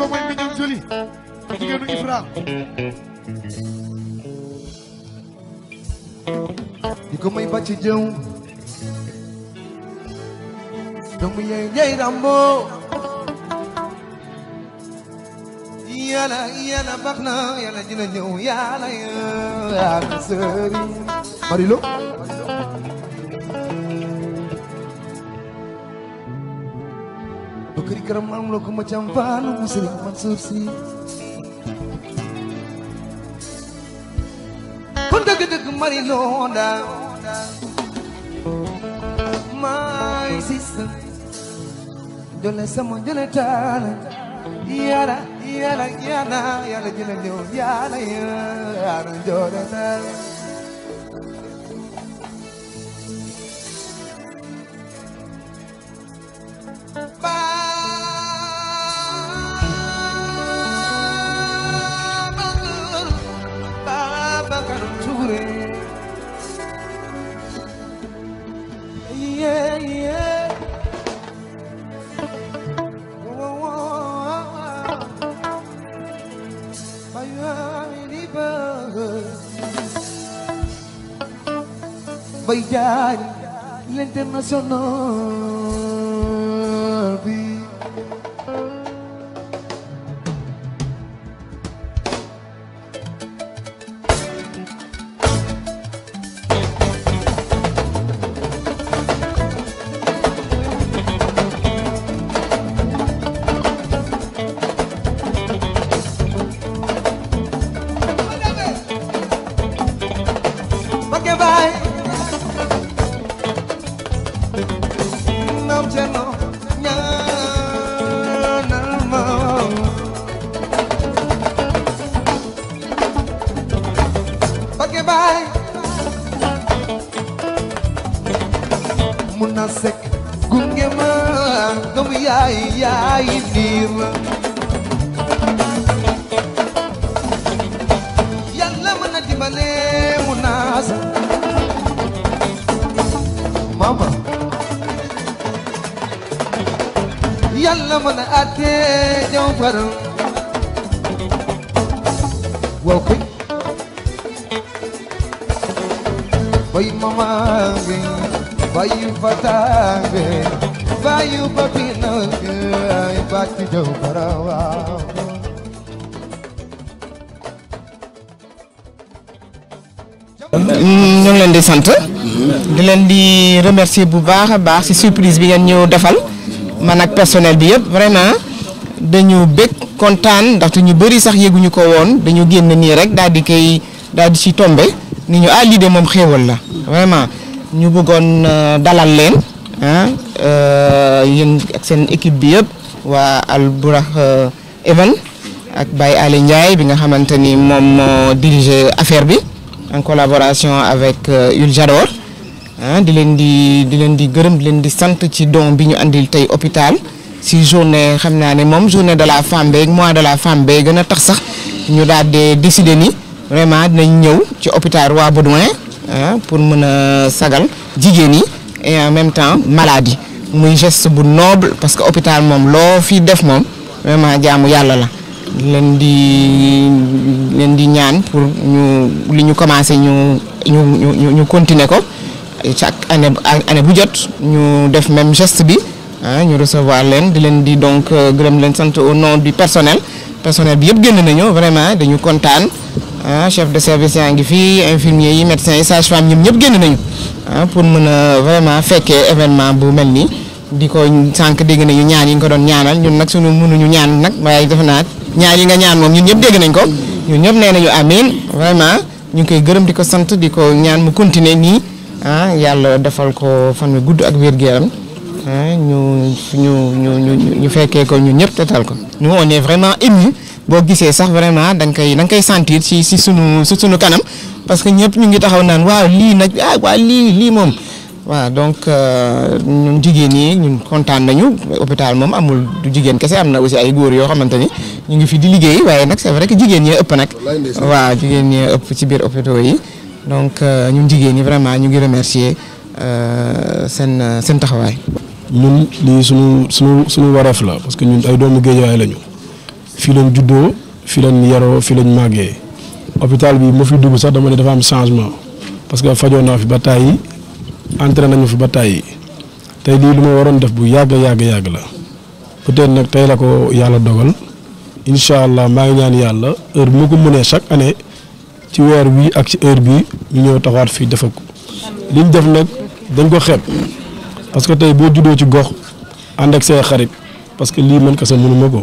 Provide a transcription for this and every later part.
ko koye minen joli ko jigenu ifra i komay bacci jew domu yey rambo yala yala bakhna yala dina ñëw yala yaa sëri bari lo këri këram am la ko macam faalu mu sëriñ Mansour si kon dëgg dëgg mari londa my sister jole sama jole taana yara yara yana yara jole jole yana yara jole taana ya la internacional. baay mun na sekk gunge ma gëm yaay yaay niir ma yàlla mën na dimbale mun na sekk mama yàlla na àtte jaw faram Oy mamange Bayu leen di sant di leen di remercier bu baax a baax ci surprise bi ngeen ñëw defal man ak personnel bi yëpp vraiment dañu bég kontaan ndaxte ñu bari sax yéguñu ko woon dañu génn nii rek daal di koy daal di ci tombe ni ñu ah lii de moom xéewal la vraiment ñu voulons euh, dalal leen ah yéen ak sen équipe bi wa al Albourakh euh, Event ak Baye Ali Ndiaye bi nga xamanteni mom moom affaire bi en collaboration avec Yul Jador hein di leen di di leen di gërëm di leen di ci don bi ñu andil tay hôpital si journée xamna né mom journée de la femme beeg mois de la femme beeg gëna tax sax ñu daal décider ni vraiment dinañ ñëw ci hôpital Roi Baudouin pour mën a sagal jigéen yi et en même temps maladie muy gest bu noble parce que hôpital moom loo fii def moom vraiment jaamu yàlla la leen di leen di ñaan pour ñu li ñu commencé ñu ñu ñu continuer ko chaque année année bu jot ñu def même geste bi ah ñu recevoir leen di leen di donc euh, gërëm leen sant au nom du personnel personnel bi yëpp génn nañu vraiment dañu kontaan. ah chef de service yaa ngi fii infirmier yi médecins yi sage femme ñoom ñëpp génn nañu ah, pour mën a vraiment fekkee événement bu mel nii di ko sànq dégg nañu ñaan yi ñu ko doon ñaanal ñun nag suñu mënuñu ñaan nag waaye defe naa ñaan yi nga ñaan moom ñun ñëpp dégg nañ ko ñun ñëpp nee nañu amiin vraiment ñu ngi koy gërëm di ko sant di ko ñaan mu continuer nii ah yàlla defal ko fan wi gudd ak wér-gu-yaram ah, ñu ñu ñu ñu ñu fekkee ko ñun ñëpp tetal ko nous on est bo gisé sax vraiment dang kay dang kay sentir ci ci sunu si sunu kanam parce que ñepp ñu ngi taxaw naan waaw li nak ah waaw li li mom waaw donc ñun eh, jigen ñi ñun contane nañu hôpital mom amul du jigen kessé amna aussi ay goor yo xamanteni ñu ngi fi di liggéey waye nak c'est vrai que jigen ñe ëpp nak waaw jigen ñe ëpp ci biir hôpital yi donc ñun eh, jigen ñi vraiment ñu ngi remercier euh sen sen taxaway ñun li sunu sunu sunu waraf la parce que ñun ay doomu géejawaay lañu fii lañ juddoo fii lañ yaroo fii lañ màggee hôpital bi moo fi dugg sax dama ne dafa am changement parce que fajoo naa fi ba tàyyi entré nañu fi ba tàyyi tey lii lu ma waroon def bu yàgg yàgg yàgg la peut-être nag tey la ko yàlla dogal incha allah maa ngi ñaan yàlla heure bi ma ko mënee chaque année ci weer wii ak ci heure bi ñu ñëw taxawaat fii defa ko li def nag dañ ko xeeb parce que tey boo juddoo ci gox ànd ak say xarit parce que lii mën kese mënuma ko.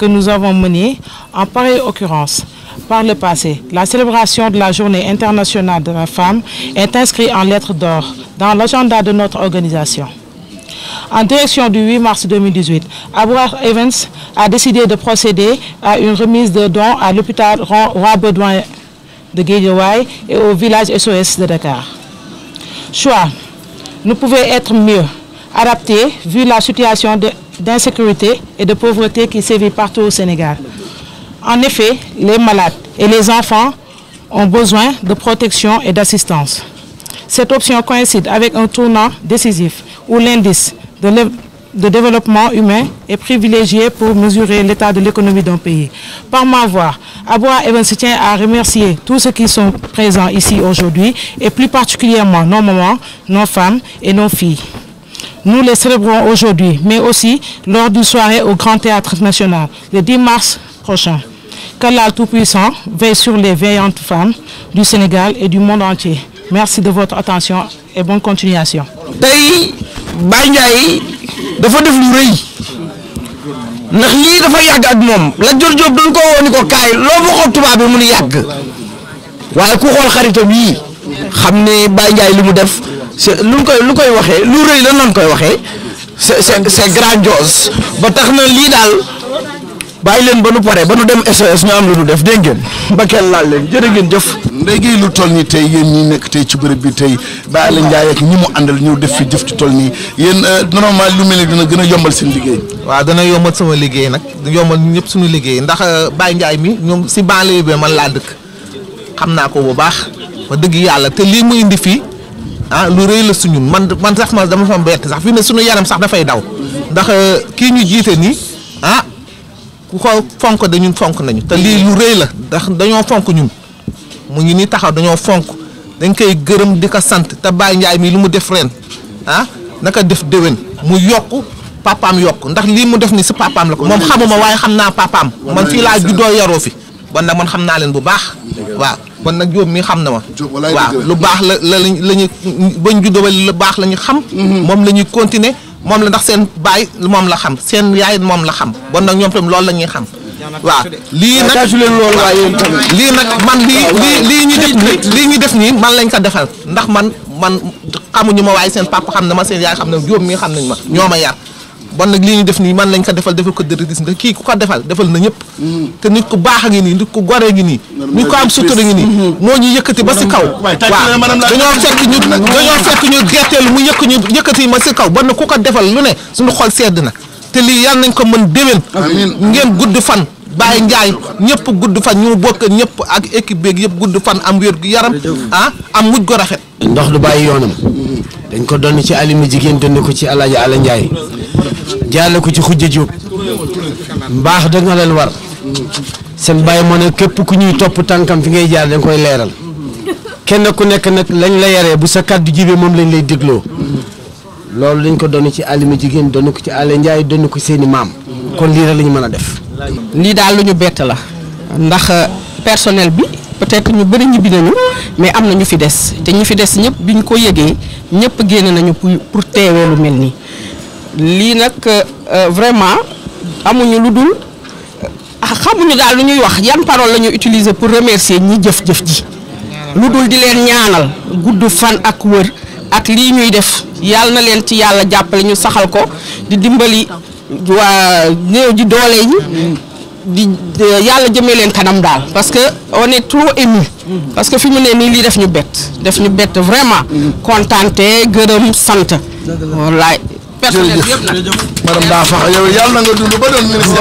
que nous avons mené en pareille occurrence. Par le passé, la célébration de la Journée internationale de la femme est inscrite en lettres d'or dans l'agenda de notre organisation. En direction du 8 mars 2018, avoir Evans a décidé de procéder à une remise de dons à l'hôpital Roi-Bedouin de Guédiouaï et au village SOS de Dakar. Choix, nous pouvait être mieux adaptés vu la situation de d'insécurité et de pauvreté qui sévit partout au Sénégal. En effet, les malades et les enfants ont besoin de protection et d'assistance. Cette option coïncide avec un tournant décisif où l'indice de, développement humain est privilégié pour mesurer l'état de l'économie d'un pays. Par ma voix, Aboua Eben se tient à remercier tous ceux qui sont présents ici aujourd'hui et plus particulièrement nos mamans, nos femmes et nos filles. Nous les célébrons aujourd'hui, mais aussi lors d'une soirée au Grand Théâtre National, le 10 mars prochain. Que Tout-Puissant veille sur les veillantes femmes du Sénégal et du monde entier. Merci de votre attention et bonne continuation. c'est lu koy lu koy waxee lu rëy la lañ koy waxee c'est c'est c'est grandiose ba tax na lii daal bàyyi leen ba nu pare ba nu dem SOS ñu am lu nu def dégg ba kenn laal leen jërë ngeen jëf. ndéygéey lu toll nii tey yéen ñi nekk ci bërëb bi tey Baye la Ndiaye ak mu àndal ñëw def fi jëf ci toll nii yéen euh, normalement lu mel ni dina gën a seen liggéey. waaw dana yombal sama liggéey nag yombal ñëpp suñu liggéey ndax euh, Baye Ndiaye mi ñoom si banlieue bi man laa dëkk xam naa ko bu baax ba dëgg yàlla te lii mu indi fii ah lu rëy la suñu man man sax ma dama fa bett sax fi ne suñu yaram sax dafay daw ndax euh, kii ñu jiite nii ah ku ko fonk dañu fonk nañu te lii lu rëy la ndax dañoo fonk ñun mu ngi nii taxaw dañoo fonk dañ koy gërëm di ko sant te Baye njaay mii lu mu def ren ah naka def déwén mu yokk papaam yokk ndax lii mu def ni si papaam la ko moom xamuma waaye xam naa papaam man fii laa juddoo yaroo fi bon nag man xam naa leen bu baax waaw kon nag Diop mi xam na ma. waaw lu baax la la la ñu bañ juddoo ba lu baax la ñu xam. Mhm. moom la ñuy continuer moom la ndax seen baay moom la xam seen yaay moom la xam bon nag ñoom tam loolu lañuy xam. waaw lii nag lii nag man lii lii ñu def lii ñu def nii man lañ ko defal ndax man man xamuñu ma waaye seen papa xam na ma seen yaay xam na Diop mi xam nañ ma ñoo ma yar. bon nag lii ñu def nii man lañ ko defal defal ko dërëtis nga kii ku ko defal defal na ñëpp mm-hmm. te nit ku baax a ngi nii nit ku gore ngi nii nit ku am sutura ngi nii mm-hmm. moo ñu yëkkati ba si kaw waaw dañoo fekk ñu dañoo fekk ñu gerteelu mu yëkk ñu ma si kaw bon nag ko ko defal lu ne suñu xol sedd na te lii yal nañ ko mën déwén ngeen gudd fan Baye Ndiaye ñëpp gudd fan ñu bokk ñëpp ak équipe beeg yëpp gudd fan am wér gu yaram ah am mujj go rafet ndox du bàyyi yoonam mm-hmm. dañ ko doon ci alima jigéen dënd ko ci alaaji Ala Ndiaye jaale ko ci xujja Jóob mbaax da nga leen war seen bàyyi moo ne képp ku ñuy topp tànkam fi ngay jaar dañ koy leeral kenn ku nekk nag lañ la yaree bu sa kàddu jibee moom lañ lay dégloo loolu dañ ko donn ci alima jigéen donn ko ci àll njaay doon ko seeni maam kon lii rek la ñu mën a def lii daal lu ñu bett la ndax euh, personnel bi peut-être ñu bëri ñibbi nañu mais am na ñu fi des te ñu fi des ñëpp bi ñu ko yëgee ñëpp génn nañu pour teewee lu mel nii lii nag euh, euh, vraiment amuñu lu euh, xamuñu dal luñuy wax yane parole lañu utiliser pour remercier ñi jëf-jëf ji ludul di leen ñaanal gudd fan ak wër ak li ñuy def yàlla na leen ci yalla jàppale ñu saxal ko di dimbali wa néew ji doole yi di yalla jëmee leen kanam daal parce que on est trop ému parce que fi mu ne nii lii def ñu bett def ñu bett vraiment contenté te sante sant personnel bi yëpp nag madame daa fax yow yàlla na nga dund ba doon ministre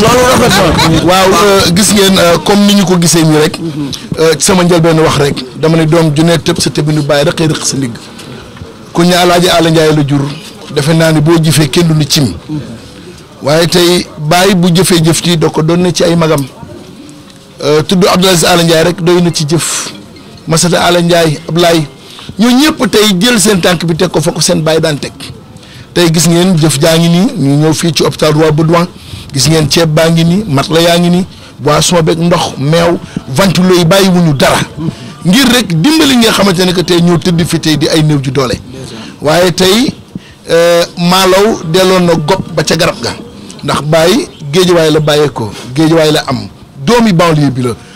loolu waaw euh, gis ngeen euh, comme ni ñu ko gisee nii rek mhm. euh, sama njëlbeen wax rek dama ne doom ju ne tëb sa tëbinu bàyyi rek xëy rëq sa ndigg ku ñu alaaji Alla la jur defe naa ni boo jëfee kenn du ni cim mhm. waaye tey bàyyi bu jëfee jëf ci da ko doon na ci ay magam tudd Abdoul Aziz rek doy na ci jëf Masata Alla Ndiaye laay ñoo ñëpp tey jël seen tànk bi teg ko fa seen bàyyi daan teg tey gis ngeen jëf jaa ngi nii ñu ñëw fii ci hôpital Roi Baudouin gis ngeen ceeb baa ngi nii matelas yaa ngi nii boisson beeg ndox meew ventilo yi ñu dara ngir rek dimbali nga xamante ne que tey ñoo tëdd fi tey di ay néew ju doole waaye tey euh, maalaw delloon na gopp ba ca garab ga ndax bàyyi géejawaay la bàyyeekoo géejawaay la am doomi banlieue bi la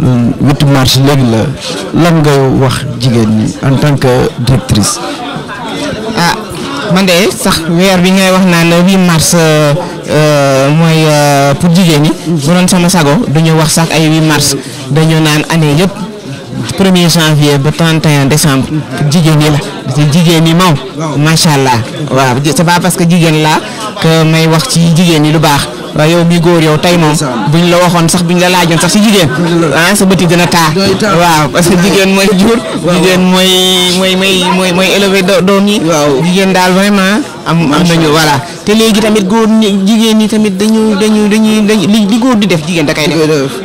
huit euh, mars léegi la lan nga wax jigéen ñi en tant que directrice. ah man de sax weer bi ngay wax naan le huit mars euh, euh, mooy pour jigéen ñi. bu mm. doon sama sago duñu wax sax ay huit mars dañu naan année yëpp. premier janvier ba 31 décembre jigéen ñi la te jigéen ñi moom macha allah waaw c'est pas que jigéen laa que may wax ci jigéen ñi lu baax. waaye yow mi góor yow tey moom buñ la waxoon sax buñ la laajoon sax si jigéen ah sa bëti dina taa waaw parce que jigéen mooy jur jigéen mooy mooy mooy mooy mooy élevé doom yi jigéen daal vraiment am am nañu voilà te léegi tamit góor jigéen ñi tamit dañu dañu dañuy dañ li góor di def jigéen da kay def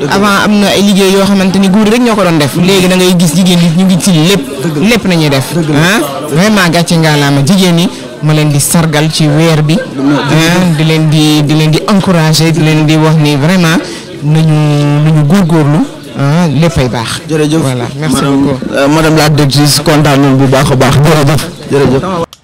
avant am na ay liggéey yoo xamante ni góor rek ñoo ko doon def léegi da ngay gis jigéen ñi ñu ngi ci lépp lépp nañuy def ah vraiment gàcce ngaalaama jigéen ñi ma leen di sargal ci weer bi. Ah, di leen di di leen di encourager di leen di wax ni vraiment nañu nañu góorgóorlu. ah léppay baax. jërëjëf voilà ma beaucoup euh, madame la directrice kontaan nañu bu baax baax jërëjëf jërëjëf.